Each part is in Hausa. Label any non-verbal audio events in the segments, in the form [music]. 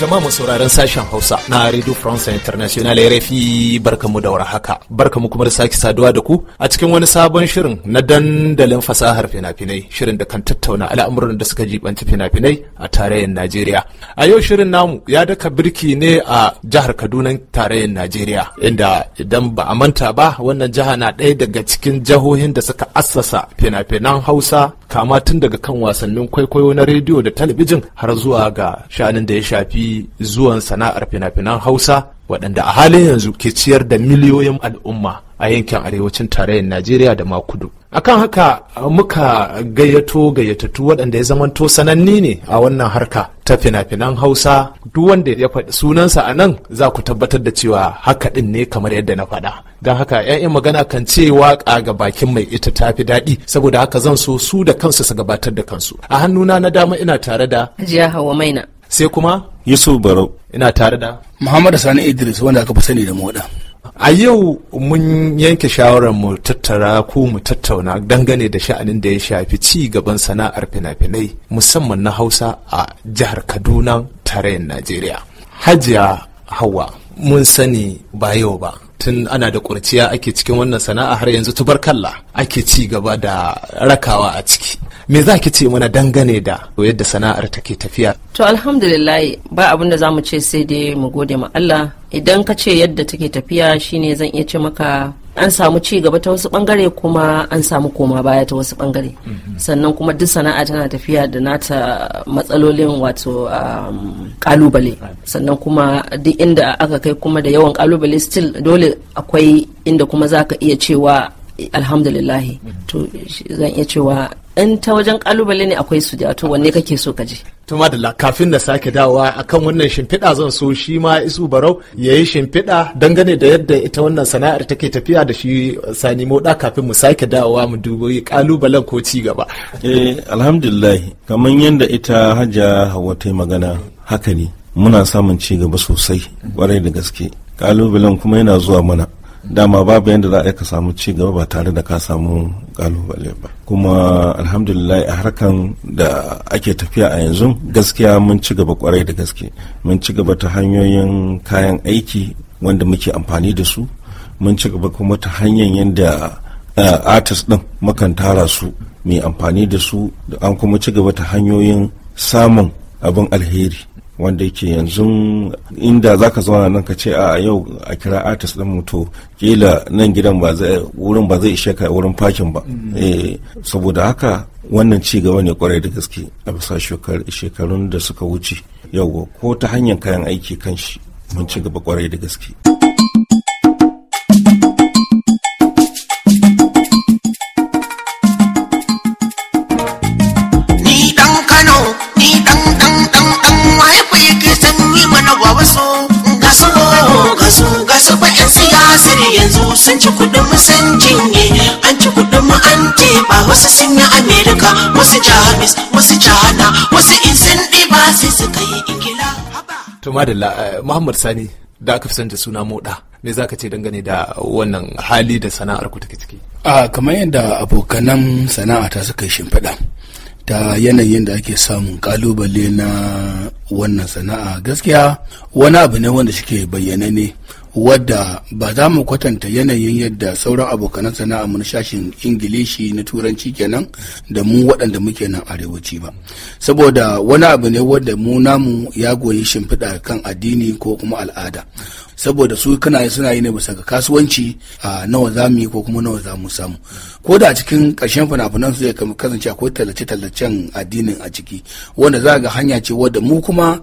jama'a mu sauraron sashen Hausa na Radio France International RFI barkamu da haka Barkamu kuma da sake saduwa da ku a cikin wani sabon shirin na dandalin fasahar fina-finai, shirin da kan tattauna al'amuran da suka jibanci fina-finai a tarayyar Najeriya. A yau shirin namu ya daka birki ne a jihar Kaduna tarayyar Najeriya, inda idan ba a manta ba wannan jiha na ɗaya daga cikin jihohin da suka assasa fina-finan Hausa kama tun daga kan wasannin kwaikwayo na rediyo da talabijin har zuwa ga shanin da ya shafi zuwan sana'ar fina-finan hausa waɗanda a halin yanzu ke ciyar da miliyoyin al'umma a yankin arewacin tarayyar najeriya da ma kudu akan haka uh, muka gayyato gayyatattu waɗanda ya zamanto sananni ne a wannan harka ta fina-finan hausa duk wanda ya faɗi sunansa a nan za ku tabbatar da cewa haka ɗin ne kamar yadda na faɗa don haka 'ya'yan magana kan ce waƙa ga bakin mai ita ta fi daɗi saboda haka zan so su da kansu su gabatar da kansu a hannuna na dama ina tare da hawa maina sai kuma yusuf barau ina tare da muhammad sani idris wanda aka fi sani da moɗa a yau mun yanke shawarar mu tattara ko mu tattauna dangane da sha'anin da ya shafi ci gaban sana'ar fina-finai musamman na hausa a jihar kaduna tarayyar najeriya hajiya hawa mun sani ba yau ba tun ana da kurciya ake cikin wannan sana'a har yanzu tubarkalla ake ci gaba da rakawa a ciki me za ki ce mana dangane da yadda sana'ar take tafiya to alhamdulillah ba abin da za mu ce sai dai mu gode ma Allah idan ka ce yadda take tafiya shine zan iya ce maka an samu ci gaba ta wasu bangare kuma an samu koma baya ta wasu bangare mm-hmm. sannan kuma duk sana'a tana tafiya da nata matsalolin wato kalubale um, sannan kuma duk inda aka kai kuma da yawan kalubale still dole akwai inda kuma za ka iya cewa alhamdulillahi mm-hmm. to zan iya cewa in ta wajen kalubale ne akwai su to wanne kake so ka je to madalla kafin na sake dawowa akan wannan shimfiɗa zan so shi ma isu barau ya yi shimfiɗa dangane da yadda ita wannan sana'ar take tafiya da shi uh, sani moɗa kafin mu sake dawowa mu dubi kalubalen ko ci gaba eh alhamdulillah kamar yadda ita hajja hawa ta magana haka ne muna samun ci gaba sosai kwarai da gaske kalubalen kuma yana zuwa mana dama babu yadda za a ka samu ci gaba ba tare da ka samu kalubale ba kuma alhamdulillah a harkan da ake tafiya a yanzu gaskiya mun ci gaba kwarai da gaske mun ci gaba ta hanyoyin kayan aiki wanda muke amfani da su mun ci gaba kuma ta hanyar yadda eh, artist din makan tara su mai amfani da su an kuma ci gaba ta hanyoyin samun abin alheri wanda yake yanzu inda zaka zauna nan ka ce a yau a kira artist ɗin mutu kila nan gidan ba zai wurin ba zai ishe ka wurin fakin ba eh, saboda haka wannan ci gaba ne kwarai da gaske a bisa shekarun da suka wuce yau ko ta hanyar kayan aiki kan shi mun ci gaba kwarai da gaske an ci kudin mu sun cinye an ci kudin mu an ba wasu sun yi america wasu jamus wasu china wasu in sun ɗiba sai suka yi ingila to madalla eh, muhammad sani da aka fi suna moda me zaka ka ce dangane da wannan hali da sana'ar ku take ciki a kamar yadda abokanan sana'a ta suka yi shimfiɗa ta yanayin da ake samun kalubale na wannan sana'a gaskiya wani abu ne wanda shike bayyana ne wadda ba za mu kwatanta yanayin yadda sauran abokanan sana'a mu na shashin ingilishi na turanci kenan da mu waɗanda muke nan arewaci ba saboda wani abu ne wadda mu namu ya goyi shimfiɗa kan addini ko kuma al'ada saboda su kana suna yi ne bisa ga kasuwanci nawa za mu yi ko kuma nawa za mu samu ko da cikin ƙarshen fina-finan su ya kasance akwai tallace-tallacen addinin a ciki wanda za ga hanya ce wadda mu kuma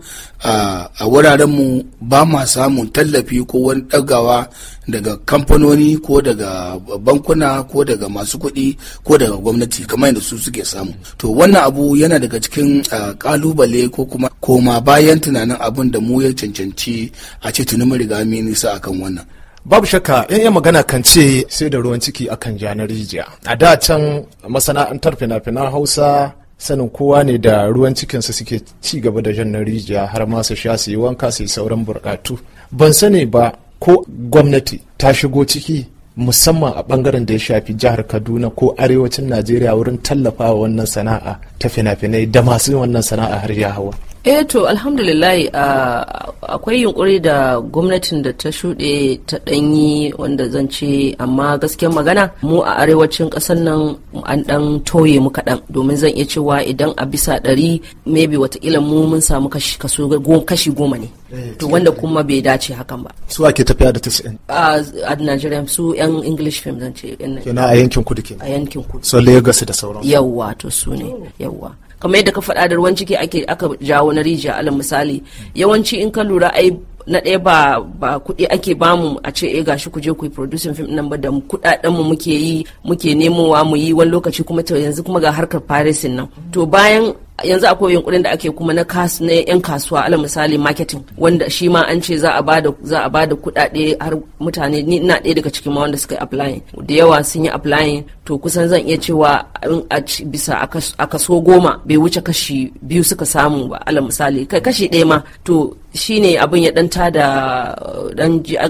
a wuraren mu ba ma samun tallafi ko wani ɗagawa daga kamfanoni ko daga bankuna ko daga masu kuɗi ko daga gwamnati kamar yadda su suke samu to wannan abu yana daga cikin kalubale ko kuma koma bayan tunanin abin da mu ya cancanci a ce tuni mun riga mun nisa akan wannan babu shakka yan yan magana kan ce sai da ruwan ciki akan janarijiya rijiya a da can masana'antar fina-finan hausa sanin kowa ne da ruwan cikinsa suke ci gaba da jan rijiya har ma su sha su yi wanka su yi sauran burkatu ban sani ba ko gwamnati ta shigo ciki musamman a bangaren da ya shafi jihar kaduna ko arewacin najeriya wurin tallafa wa wannan sana'a ta fina-finai da masu wannan sana'a har ya hawa eh to alhamdulillah ah, akwai yunkuri da gwamnatin da ta shuɗe ta ɗanyi wanda zan ce amma gaskiyar magana mu a arewacin ƙasar nan an ɗan toye mu kaɗan domin zan iya cewa idan a bisa ɗari maybe watakila mu mun samu kashi goma ne eh, to wanda kuma bai dace hakan ba su ake tafiya da tasirin a Najeriya su yan English film zan ce kenan a yankin kudu ke a yankin kudu so Lagos da sauran yawwa to su ne yawwa kamar yadda ka faɗa da ruwan ciki ake aka jawo na rijiya alal misali yawanci in ka lura ai na ɗaya ba ba kuɗi ake bamu a ce eh gashi ku je ku yi producing film nan ba da kuɗaɗen mu muke yi muke nemowa mu yi wani lokaci kuma to yanzu kuma ga harkar paris. nan to bayan yanzu akwai yunkurin da ake kuma na kas na yan kasuwa ala misali marketing wanda shi ma an ce za a bada za a bada kuɗaɗe har mutane ni ina ɗaya daga cikin ma wanda suka yi applying da yawa sun yi applying to kusan zan iya cewa a bisa a kaso goma bai wuce kashi biyu suka samu ba alal misali kai kashi ɗaya ma to shine abin ya ɗanta tada uh,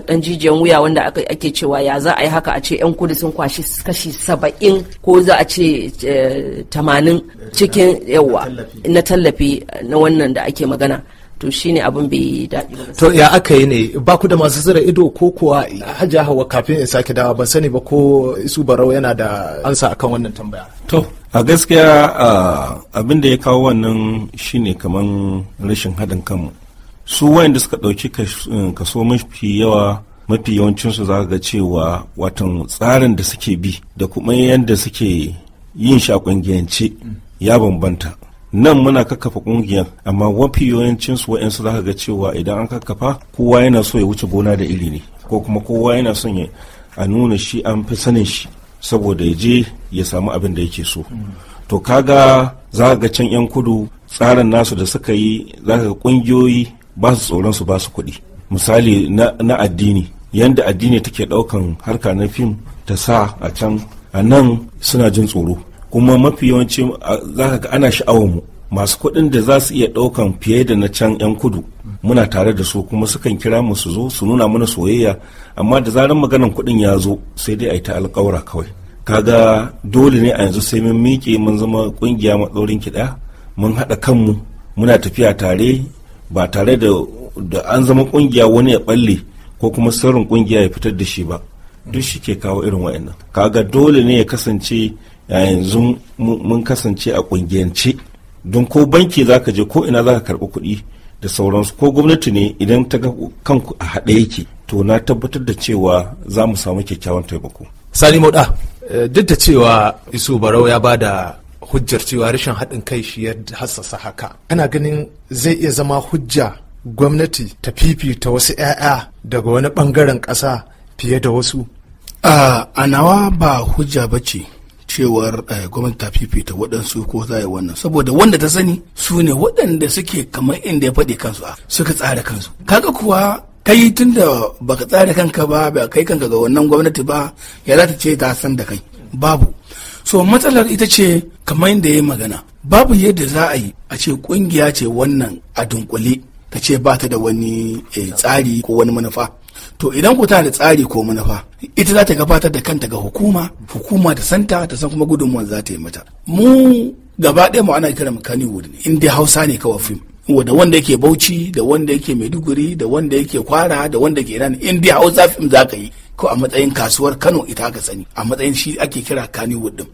ɗan jijiyan wuya wanda ake cewa ya za a yi haka a ce yan kudu sun kwashi kashi saba'in ko za a ce eh, tamanin cikin yawa na tallafi na wannan da ake magana to shine abin bai daɗi to ya aka yi ne ba ku da masu zira ido ko kuwa hajja hawa kafin in sake dawa ban sani ba ko isu barau yana da ansa akan wannan tambaya to a gaskiya abin da ya kawo wannan shine kaman rashin haɗin kanmu su wayanda suka ɗauki eh, kaso mafi yawa mafi yawancinsu za ga cewa watan tsarin da suke bi da kuma yadda suke yin shi giyance ya bambanta nan muna kakkafa kungiyar amma wafi yawancinsu wa'yansu za ka ga cewa idan an kakkafa kowa yana so ya wuce gona da iri ne ko kuma kowa yana son ya a nuna shi an fi sanin shi saboda ya je ya samu abin da yake so to kaga za ga can 'yan kudu tsarin nasu da suka yi za ga kungiyoyi ba su tsoron su ba su kuɗi misali na addini yanda addini take ɗaukan harka na fim ta sa a can a nan suna jin tsoro kuma mafi yawanci za ka ga ana sha'awar mu masu kuɗin da za su iya ɗaukan fiye da na can 'yan kudu muna tare da su kuma sukan kira mu su zo su nuna mana soyayya amma da zarar maganan kuɗin ya zo sai dai a yi ta alƙawura kawai kaga dole ne a yanzu sai mun miƙe mun zama ƙungiya matsaurin kiɗa mun haɗa kanmu muna tafiya tare ba tare da da an zama ƙungiya wani ya ɓalle ko kuma sirrin ƙungiya ya fitar da shi ba duk shi ke kawo irin wa'annan kaga dole ne ya kasance yanzu mun kasance a kungiyance don ko banki za ka je ko ina za ka karɓi kuɗi da sauransu ko gwamnati ne idan ta ga kanku a haɗe yake to na tabbatar da cewa za mu samu kyakkyawan taimako. sani mauɗa eh, duk da cewa isu barau ya ba da hujjar cewa rashin haɗin kai shi ya hassasa haka ana ganin zai iya zama hujja gwamnati ta fifita wasu 'ya'ya daga wani ɓangaren ƙasa fiye da wasu ah, a nawa ba hujja ba ce cewar eh, gwamnati ta fifita waɗansu ko za yi wannan saboda wanda ta sani su ne waɗanda suke kamar inda ya faɗi kansu a ah, suka tsara kansu kaga kuwa kai tun da baka tsara kanka ba ba kai kanka ga wannan gwamnati ba ya za ta ce ta san da kai babu so matsalar ita ce kamar inda ya yi magana babu yadda za a yi a ce ƙungiya ce wannan a dunkule ta ce ba ta da wani eh, tsari ko wani manufa to idan ku tana da tsari ko manufa ita za ta gabatar da kanta ga hukuma hukuma ta santa ta san kuma gudunmuwan za ta yi mata mu gaba ɗaya mu ana kiran kannywood ne in dai hausa ne kawai fim da wanda yake bauchi da wanda yake maiduguri da wanda yake kwara da wanda yake iran in dai hausa fim za ka yi ko a matsayin kasuwar kano ita aka sani a matsayin shi ake kira kaniwood din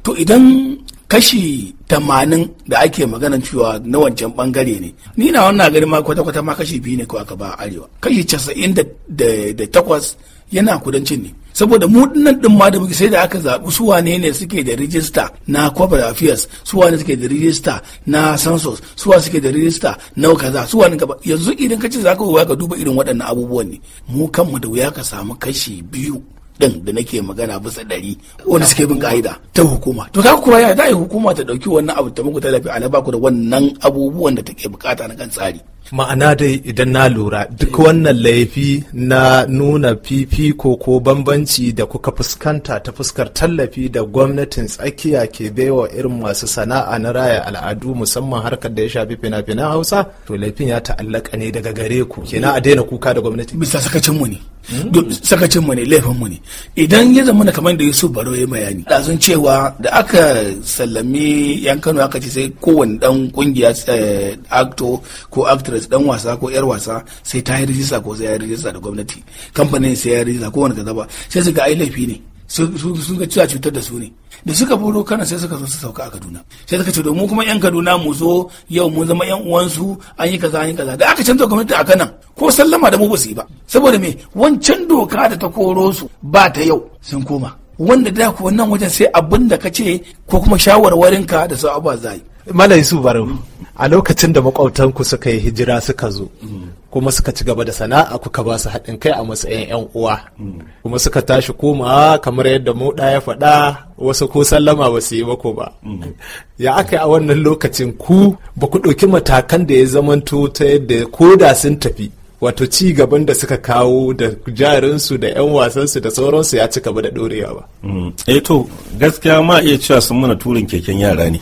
to idan kashi tamanin da ake maganan cewa na wancan bangare ne ni na wannan gari ma kwata-kwata ma kashi biyu ne kawai aka ba arewa kashi casa'in da takwas yana kudancin ne saboda mu dinnan din ma da muke sai da aka zaɓi su wane ne suke da rijista na corporate affairs su wane suke da rijista na census su wane suke da rijista na kaza su wane gaba yanzu idan ka ce za ka ka duba irin waɗannan abubuwan ne mu kanmu da wuya ka samu kashi biyu din da nake magana bisa dari wanda suke bin ka'ida ta hukuma to ka kuma ya dai hukuma ta dauki wannan abu ta muku tallafi ala ba ku da wannan abubuwan da take bukata na kan tsari ma'ana dai idan na lura duk wannan laifi na nuna fifiko ko bambanci da kuka fuskanta ta fuskar tallafi da gwamnatin tsakiya ke baiwa irin masu sana'a na raya al'adu musamman harkar da ya shafi fina-finan hausa to laifin ya ta'allaka ne daga gare ku kenan a daina kuka da gwamnati bisa sakacinmu ne duk sakacin mu ne laifin mu ne idan ya zama na kamar da Yusuf Baro ya bayani ɗazun cewa da aka sallami yan Kano aka ce sai kowane dan kungiya eh, actor ko actress dan wasa ko yar wasa sai ta yi rijista ko sai ya yi rijista da gwamnati kamfanin sai ya yi rijista ko wani kaza ba sai su ga ai laifi ne sun ga cewa cutar da su ne da suka boro kana sai suka zo su sauka a kaduna sai suka ce domin kuma yan kaduna mu zo yau mun zama yan uwansu an yi kaza an yi kaza da aka canza gwamnati a kanan ko sallama da mu ba su yi ba saboda me wancan doka da ta koro su ba ta yau sun koma wanda da ku wannan wajen sai abin da ka ce ko kuma shawarwarinka da su abuwa zai malai a lokacin da makwabtanku suka yi hijira suka zo mm. kuma suka ci gaba da sana'a kuka ba su haɗin kai a matsayin 'yan uwa kuma suka tashi koma kamar yadda mu ya faɗa wasu ko sallama ba su yi mako ba ya aka yi a wannan lokacin ku ba ku ɗauki matakan da ya zamanto ta yadda ko da sun tafi wato ci gaban da suka kawo da jarinsu da 'yan wasansu da sauransu ya ci gaba da ɗorewa ba. Mm. eh to gaskiya ma iya cewa sun mana turin keken yara ne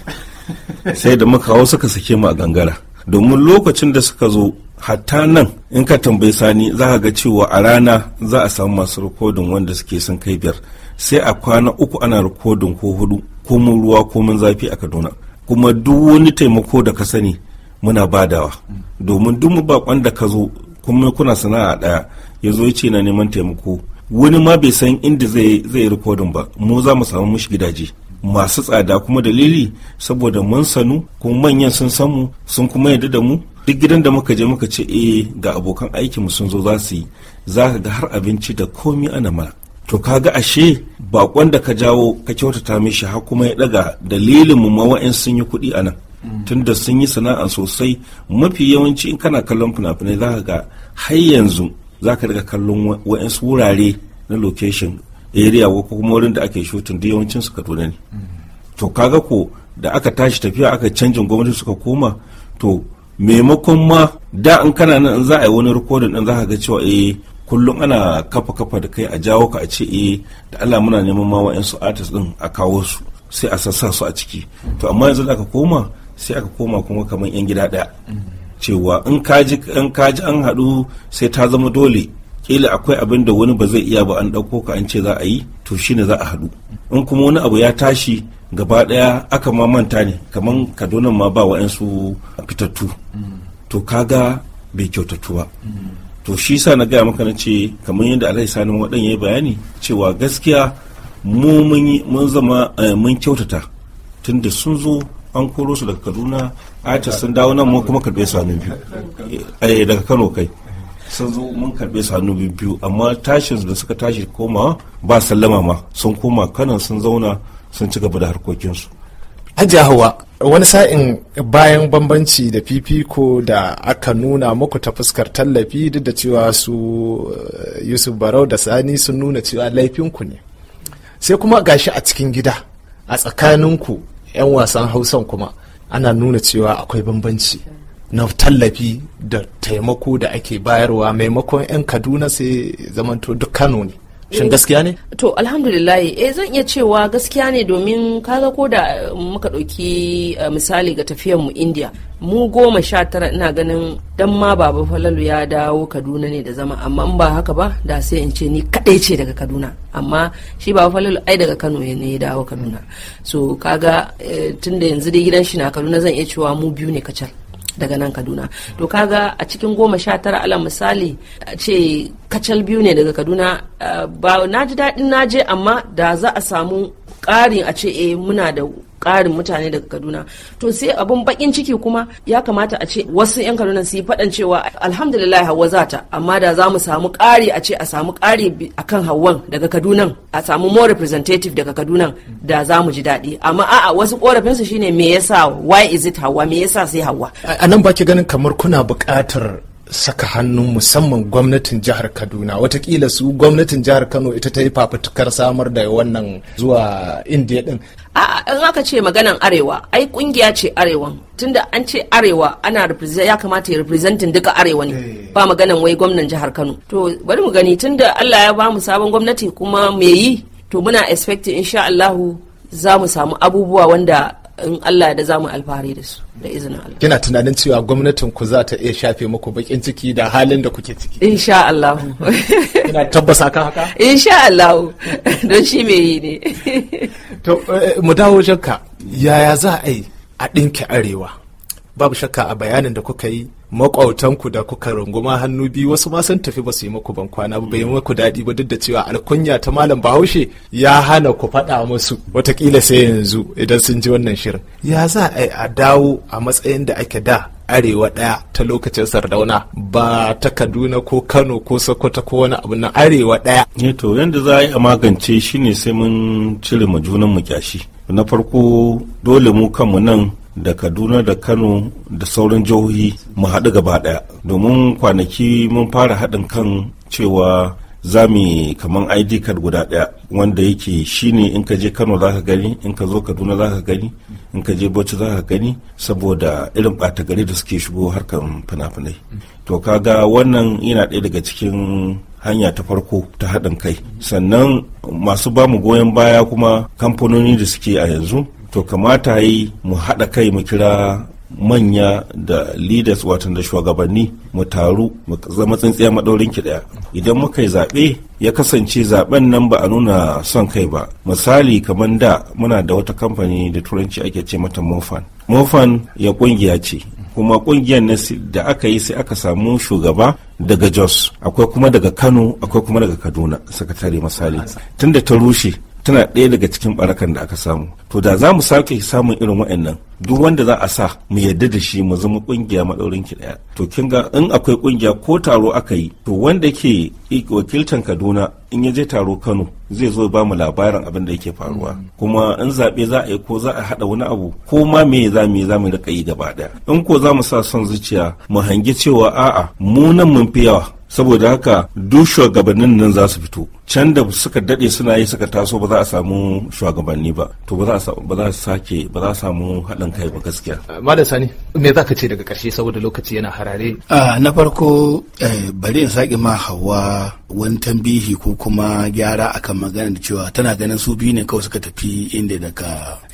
[laughs] sai da muka suka sake mu a gangara domin lokacin da suka zo hatta nan in ka tambayi sani za ka ga cewa a rana za a samu masu rikodin wanda suke sun kai biyar sai a kwana uku ana rikodin ko hudu ko mun ruwa ko mun zafi a kaduna kuma duk wani taimako da ka sani muna badawa domin duk mu bakon da ka zo kuma kuna sana'a daya ya zo ce na neman taimako wani ma bai san inda zai zai rikodin ba mu za mu samu mushi gidaje masu tsada kuma dalili saboda mun sanu kuma manyan sun samu sun kuma yadda da mu duk gidan da muka je muka ce eh ga abokan aikinmu sun zo za su yi za ka ga har abinci da komi ana mana to kaga ashe bakon da ka jawo ka kyautata mishi har kuma ya daga dalilin mu mawa'in sun yi kuɗi anan tunda sun yi sana'a sosai mafi yawanci in kana kallon fina-finai za ka ga har yanzu za ka daga kallon wa'insu wurare na location area ko kuma wurin da ake shooting da yawancin su kaduna ne to kaga ko da aka tashi tafiya aka canjin gwamnati suka koma to maimakon ma da in kana nan za a yi wani rikodin din za ka ga cewa eh kullum ana kafa kafa da kai a jawo ka a ce eh da Allah muna neman ma su artist ɗin a kawo su sai a sassa su a ciki to amma yanzu da ka koma sai aka koma kuma kamar yan gida ɗaya. cewa in kaji in kaji an haɗu sai ta zama dole kila akwai abin da wani ba zai iya ba an ɗauko ka an ce za a yi to shine za a haɗu in kuma wani abu ya tashi gaba daya aka ma manta ne kaman kaduna ma ba wa'yansu fitattu to kaga bai kyautattu ba to shi sa na gaya maka na ce kaman yadda alai sani waɗan ya yi bayani cewa gaskiya mu mun zama eh, mun kyautata tunda sun zo an koro su daga kaduna a ta sun dawo nan mu kuma karɓe su hannu biyu eh, daga kano kai sun zo mun karɓe su hannu biyu amma tashin da suka tashi komawa ba sallama ma sun koma kanan sun zauna sun ci gaba da harkokinsu hajiya Hauwa, wani sa'in bayan bambanci da fifiko da aka nuna muku ta fuskar tallafi duk da cewa su eh, yusuf barau da sani sun nuna cewa laifinku ne sai kuma gashi a cikin gida a tsakaninku 'yan wasan hausan kuma ana nuna cewa akwai bambanci na tallafi da taimako da ake bayarwa maimakon 'yan kaduna sai zamanto duk kano ne shin gaskiya ne to alhamdulillah eh zan iya cewa gaskiya ne domin kaga ko da muka ɗauki eh, misali ga tafiyar mu india mu goma sha tara ina ganin dan ma baba falalu ya dawo kaduna ne da zama amma in ba haka ba da sai in ce ni kadai ce daga kaduna amma shi baba falalu ai daga kano ne ya dawo kaduna so kaga eh, tunda yanzu dai gidan shi na kaduna zan iya cewa mu biyu ne kacal daga nan kaduna to kaga a cikin goma sha tara ala misali a ce kacal biyu ne daga kaduna eh, ba na ji daɗin na je amma da za a samu ƙarin a ce eh, muna da karin mutane daga kaduna to sai abin bakin ciki kuma ya kamata a ce wasu yan kaduna su yi faɗan cewa alhamdulillah hawa za ta amma da za mu samu ƙari a ce a samu ƙari kan hawan daga kadunan a samu more representative daga kaduna da za mu ji daɗi amma a'a wasu korafinsu shine me yasa why is it hawa me yasa sai hawa a nan ba ki ganin kamar kuna buƙatar saka hannun musamman gwamnatin jihar kaduna watakila su gwamnatin jihar kano ita ta yi fafutukar samar da wannan zuwa indiya din a in aka ce maganan arewa ai kungiya ce arewa tunda an ce arewa ana ya kamata ya representin duka arewa ne eh. ba maganan wai gwamnan jihar kano to bari mu gani tunda allah ya ba mu sabon gwamnati kuma me yi to muna expect insha allahu za mu samu abubuwa wanda in Allah da zamu alfahari da su da izinin Allah. Kina tunanin cewa gwamnatin ku za ta iya shafe muku bakin ciki da halin da kuke ciki. Insha Allah. [laughs] Kina tabbasa kan haka? Insha Allah. [laughs] Don shi me yi ne. To eh, mu dawo jinka yaya za a yi a ɗinke arewa? babu shakka a bayanin da kuka yi makwautanku da kuka runguma hannu biyu wasu ma sun tafi ba su yi muku ban kwana ba bai muku daɗi ba duk da cewa alkunya ta malam bahaushe ya hana ku faɗa musu watakila sai yanzu idan sun ji wannan shirin ya za a yi a dawo a matsayin da ake da arewa ɗaya ta lokacin sardauna ba ta kaduna ko kano ko sokoto ko wani abu na arewa ɗaya. ne eh to yadda za a yi a magance shine sai mun cire ma junan mu kyashi na farko dole mu kanmu nan da kaduna da kano da sauran jihohi mu haɗu gaba ɗaya domin kwanaki mun fara haɗin kan cewa za mu kaman id card guda ɗaya wanda yake shine in ka je kano za ka gani in ka zo kaduna za ka gani in ka je bauchi za ka gani saboda irin ɓata gari da suke shigo harkar fina-finai to ga wannan yana ɗaya daga cikin hanya ta farko ta haɗin kai sannan masu bamu goyon baya kuma kamfanoni da suke a yanzu to kamata yi mu haɗa kai mu kira manya da leaders watan da shugabanni mu taru mu zama tsintsiya maɗaurin ki ɗaya idan muka yi zaɓe ya kasance zaɓen nan ba a nuna son kai ba misali kamar da muna da wata kamfani da turanci ake ce mata mofan mofan ya ƙungiya ce kuma ƙungiyar na da aka yi sai aka samu shugaba daga jos akwai kuma daga kano akwai kuma daga kaduna sakatare misali tunda ta rushe tana ɗaya daga cikin barakan da aka samu to da za mu sake samun irin waɗannan, duk wanda za a sa mu yadda da shi mu zama kungiya maɗaurin ki ɗaya to kin ga in akwai ƙungiya ko taro aka yi to wanda ke wakiltan kaduna in ya je taro kano zai zo ba mu labarin abin da yake faruwa kuma in zaɓe za a yi ko za a haɗa wani abu ko ma me za mu yi za mu riƙa yi gaba ɗaya in ko za mu sa son zuciya mu hangi cewa a'a mu nan mun fi yawa saboda haka duk shugabannin nan za su fito can da suka dade suna yi suka taso ba za a samu shugabanni ba to ba za a sake ba za a samu haɗin kai ba gaskiya malam sani me za ka ce daga ƙarshe saboda lokaci yana harare ah, na farko eh, bari in sake ma hawa wani tambihi ko kuma gyara akan magana da cewa tana ganin su biyu ne kawai suka tafi inda daga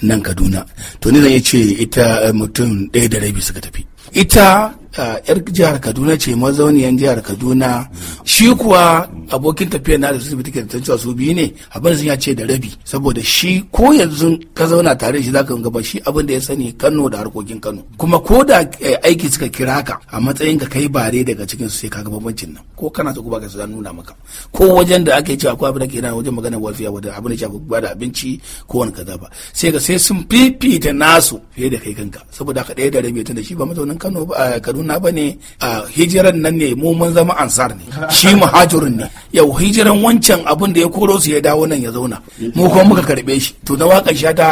nan kaduna to ni zan yi ce ita eh, mutum ɗaya da rabi suka tafi ita yar jihar kaduna ce mazauniyan jihar kaduna shi kuwa abokin tafiya na da su take da su biyu ne abin sun ya ce da rabi saboda shi ko yanzu ka zauna tare shi zaka ga ba shi abin da ya sani kano da harkokin kano kuma ko da eh, aiki suka kira ka a matsayin ka kai bare daga cikin su sai ka ga bambancin nan ko kana so kuma ka su nuna maka ko wajen da ake cewa ko abin da ke na wajen magana walfiya wajen abin da shafi ba da abinci ko wani kaza ba sai ka sai sun fifita nasu fiye da kai kanka saboda ka ɗaya da rabi tunda shi ba mazaunin kano ba kaduna kaduna ba ne a hijiran nan ne mu mun zama ansar ne shi muhajirin ne yau hijiran wancan abin da ya koro su ya dawo nan ya zauna mu kuma muka karbe shi to na waka sha ta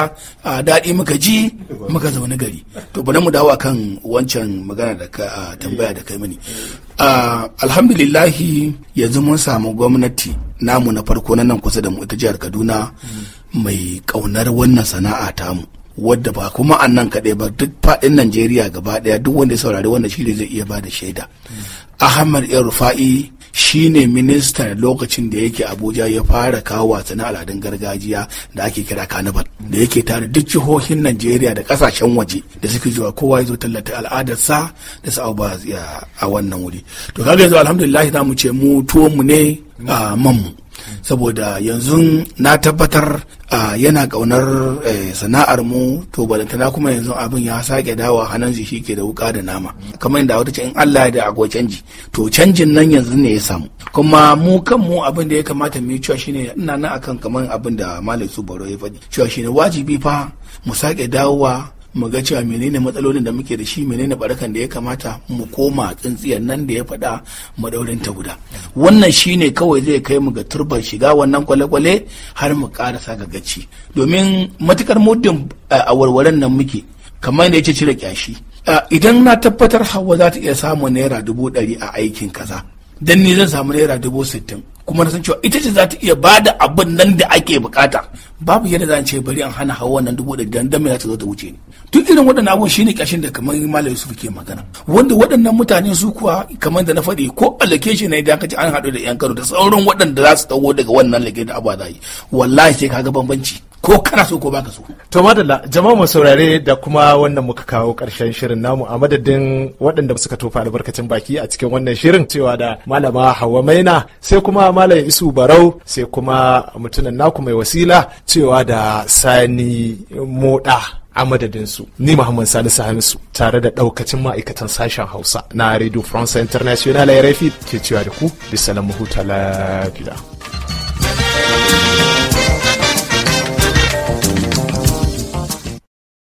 daɗi muka ji muka zauna gari to bari mu dawo kan wancan magana da ka tambaya da kai mini alhamdulillahi yanzu mun samu gwamnati namu na farko na nan kusa da mu ita jihar kaduna mai ƙaunar wannan sana'a tamu wadda ba kuma a nan kaɗai ba duk faɗin najeriya gaba ɗaya duk wanda ya saurari wannan shi ne zai iya ba da shaida ahmad yan rufa'i shi ne minista lokacin da yake abuja ya fara kawo wasannin al'adun gargajiya da ake kira kanabar da yake tare duk jihohin najeriya da kasashen waje da suke zuwa kowa ya zo tallata al'adarsa da ba a wannan wuri to kaga yanzu alhamdulillah za mu ce mu tuwo mu ne a manmu saboda yanzu na tabbatar yana ƙaunar eh, sana'ar mu to balantana kuma yanzu abin ya sake dawa hannun shi ke da wuka da nama kamar yadda wata ce in Allah ya da akwai canji to canjin nan yanzu ne ya samu kuma mu kan mu abin da ya kamata mu yi cewa shine ina nan akan kamar abin da Malam Subaro ya faɗi cewa shine wajibi fa mu sake dawowa mu ga cewa menene matsalolin da muke da shi menene barakan da ya kamata mu koma tsintsiyar nan da ya faɗa madaurin ta guda wannan shine kawai zai kai mu ga turban shiga wannan kwale-kwale har mu karasa ga gaci domin matukar muddin eh, a warwaren nan muke kamar da ya ce cire kyashi eh, idan na tabbatar hawa za ta iya samun naira dubu ɗari a aikin kaza dan ni zan samu naira dubu sittin kuma na san cewa ita ce za ta iya ba da abin nan da ake bukata babu yadda za ce bari an hana hawa wannan dubu da dan dan za ta zo ta wuce ni tun irin waɗannan abubuwan shine kashin da kamar malam Yusuf ke magana wanda waɗannan mutane su kuwa kamar da na faɗi ko allocation ne idan ka ce an haɗu da yan Kano da sauran waɗanda za su dawo daga wannan lake da abu yi wallahi sai kaga bambanci ko kana so ko baka so. To madalla jama'a mu saurare da kuma wannan muka kawo karshen shirin namu a madadin waɗanda suka tofa albarkacin baki a cikin wannan shirin cewa da malama Hauwa Maina sai kuma malam Isu Barau sai kuma mutunan naku mai wasila cewa da Sani Moda. a su ni muhammad salisu hamisu tare da daukacin ma'aikatan sashen hausa na radio france international rfi ke cewa da ku bisa lamu huta lafiya